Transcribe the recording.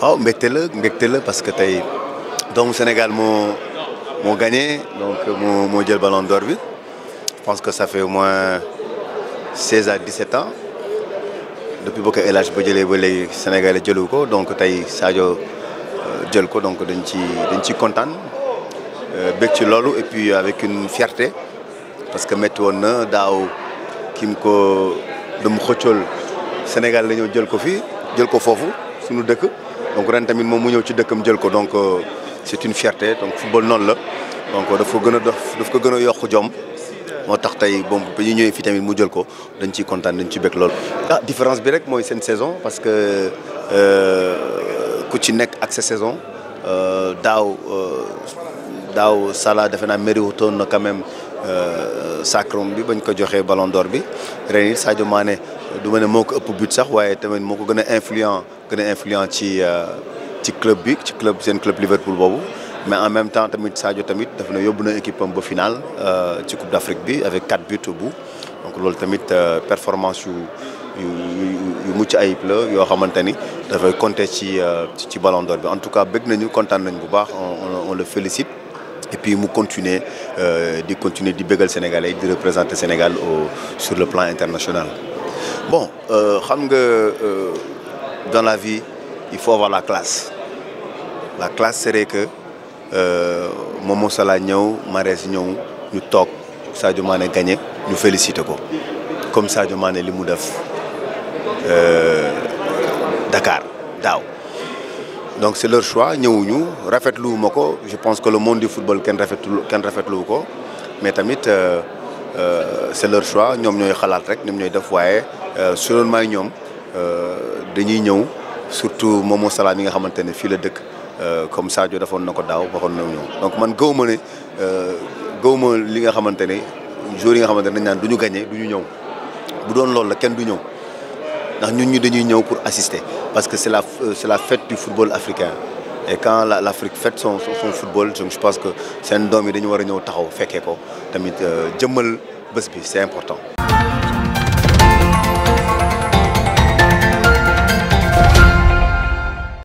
Oh, mettez-le, mettez-le parce que donc au Sénégal moo moo gagné donc moo moo jël ballon d'or vite. je pense que ça fait au moins seize à dix-sept ans depuis que ko El Hadj ba jëlee ba léegi Sénégal jëlu ko donc tey Sadio euh, jël donc dañ ci dañ ciy kontaan euh, bég ci et puis avec une fierté parce que métti woon na daaw kim ko dum xëccool Sénégal la ñëw jël ko fii jël ko foofu suñu dëkk donc ren tamit moom mu ñëw ci dëkkam jël ko donc euh, c'est une fierté donc football non la donc dafa gëna gën daf ko gëna yokku jom moo tax tey bon ba ñu ñëwee fii tamit mu jël ko dañ ci kontaan dañ ci bék lool. ah différence bi rek moy sen saison parce que euh ku ci nek ak sa saison euh daw euh daw sala mériwutoon na quand même euh sacrum bi bañ ko joxé ballon d'or bi ren it Sadio Mané du ma ne ëpp but sax waaye tamit moko gëna gën influent gën a influent ci euh, ci club bi ci club seen club Liverpool boobu mais en même temps tamit Sadio tamit daf na yóbbu na équipe en ba final euh, ci Coupe d'Afrique bi avec quatre buts au bout donc loolu tamit euh, performance yu yu yu mucc ayib la yoo xamante ni dafay compter ci ci Ballon d'Or en tout cas bëgg nañu kontaan nañ bu baax on le félicite et puis mu continuer de continuer di bégal Sénégalais di représenter Sénégal au sur le plan international bon xam nga dans la vie, il faut avoir la classe. La classe serait que euh, Momo Salah ñëw nous nous ñu gagné comme ça demande euh, Dakar donc c'est leur choix nous, je pense que le monde du football mais euh, c'est leur choix Nous nous, nous, rek nous dañuy ñëw surtout Momo sala mi nga xamantene fi la dëkk euh, comme Sadio defoon na ko daaw na ñu donc man gëwuma ne euh, gëw ma li nga xamantene jour yi nga xamantene ne dañ naan du ñu ñëw bu doon lool la kenn du ñëw ndax ñun ñi dañuy ñëw pour assister parce que c'est la euh, c'est la fête du football africain et quand l'Afrique fête son son football je pense que c'est un domi dañu wara ñëw taxaw fekkee ko tamit jëmmal bëss bi c'est important.